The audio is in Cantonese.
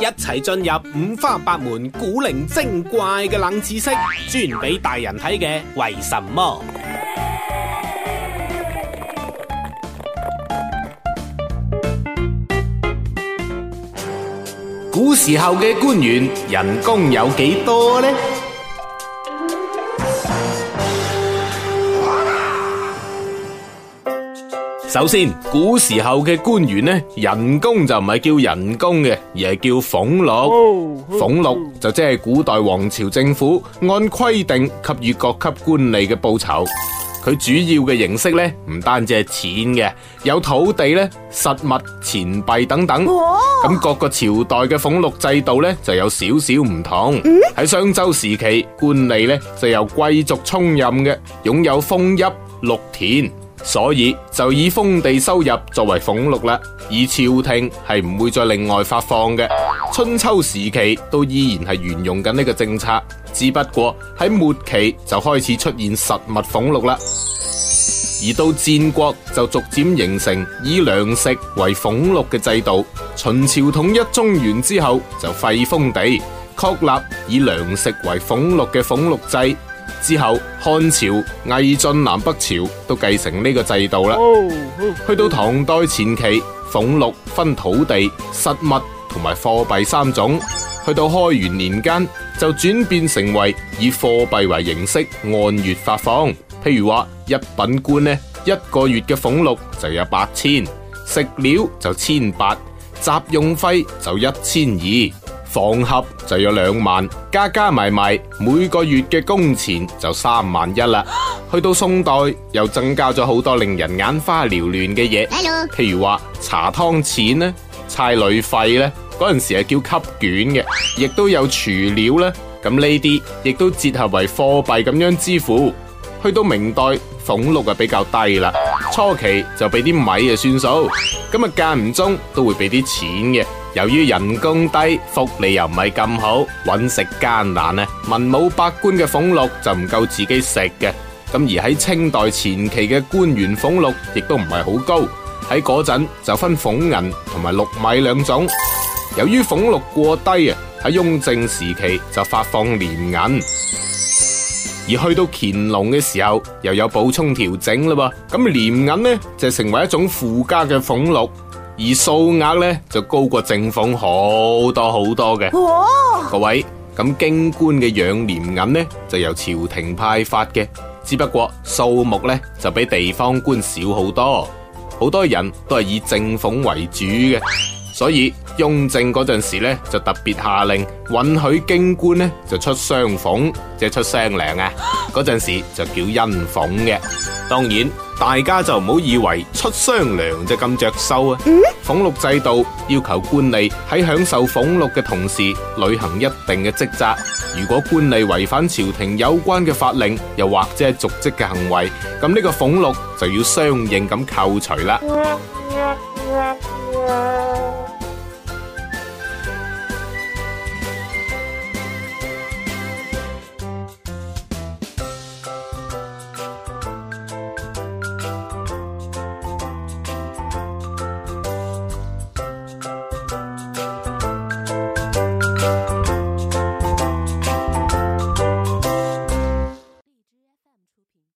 一齊進入五花八門古靈精怪嘅冷知識，專俾大人睇嘅，為什麼？古時候嘅官員人工有幾多呢？首先，古時候嘅官員呢，人工就唔係叫人工嘅，而係叫俸祿。俸祿 Wow. 就即係古代王朝政府按規定給予各級官吏嘅報酬。佢主要嘅形式呢，唔單止係錢嘅，有土地呢、實物、錢幣等等。咁 Wow. 各個朝代嘅俸祿制度呢，就有少少唔同。喺商、mm? 周時期，官吏呢，就由貴族充任嘅，擁有封邑、祿田。所以就以封地收入作為俸祿啦，以朝廷係唔會再另外發放嘅。春秋時期都依然係沿用緊呢個政策，只不過喺末期就開始出現實物俸祿啦。而到戰國就逐漸形成以糧食為俸祿嘅制度。秦朝統一中原之後就廢封地，確立以糧食為俸祿嘅俸祿制。之後，漢朝、魏晉南北朝都繼承呢個制度啦。Oh, oh, oh. 去到唐代前期，俸祿分土地、實物同埋貨幣三種。去到開元年間，就轉變成為以貨幣為形式，按月發放。譬如話，一品官呢，一個月嘅俸祿就有八千，食料就千八，雜用費就一千二。房盒就有兩萬，加加埋埋，每個月嘅工錢就三萬一啦。 去到宋代又增加咗好多令人眼花繚亂嘅嘢，Hello. 譬如話茶湯錢咧、差旅費咧，嗰陣時係叫吸券嘅，亦都有廚料咧。咁呢啲亦都折合為貨幣咁樣支付。去到明代俸祿啊比較低啦，初期就俾啲米啊算數，咁啊間唔中都會俾啲錢嘅。由於人工低，福利又唔係咁好，揾食艱難咧、啊。文武百官嘅俸祿就唔夠自己食嘅。咁而喺清代前期嘅官員俸祿亦都唔係好高。喺嗰陣就分俸銀同埋祿米兩種。由於俸祿過低啊，喺雍正時期就發放連銀。而去到乾隆嘅時候，又有補充調整啦噃。咁連銀呢，就成為一種附加嘅俸祿。而數額咧就高過正俸好多好多嘅。哇各位，咁京官嘅養廉銀呢，就由朝廷派發嘅，只不過數目呢，就比地方官少好多。好多人都係以正俸為主嘅，所以雍正嗰陣時呢，就特別下令允許京官呢，就出雙俸，即係出雙糧啊。嗰陣時就叫恩俸嘅，當然。大家就唔好以為出雙糧就咁着數啊！俸、嗯、祿制度要求官吏喺享受俸祿嘅同時履行一定嘅職責。如果官吏違反朝廷有關嘅法令，又或者係瀆職嘅行為，咁呢個俸祿就要相應咁扣除啦。嗯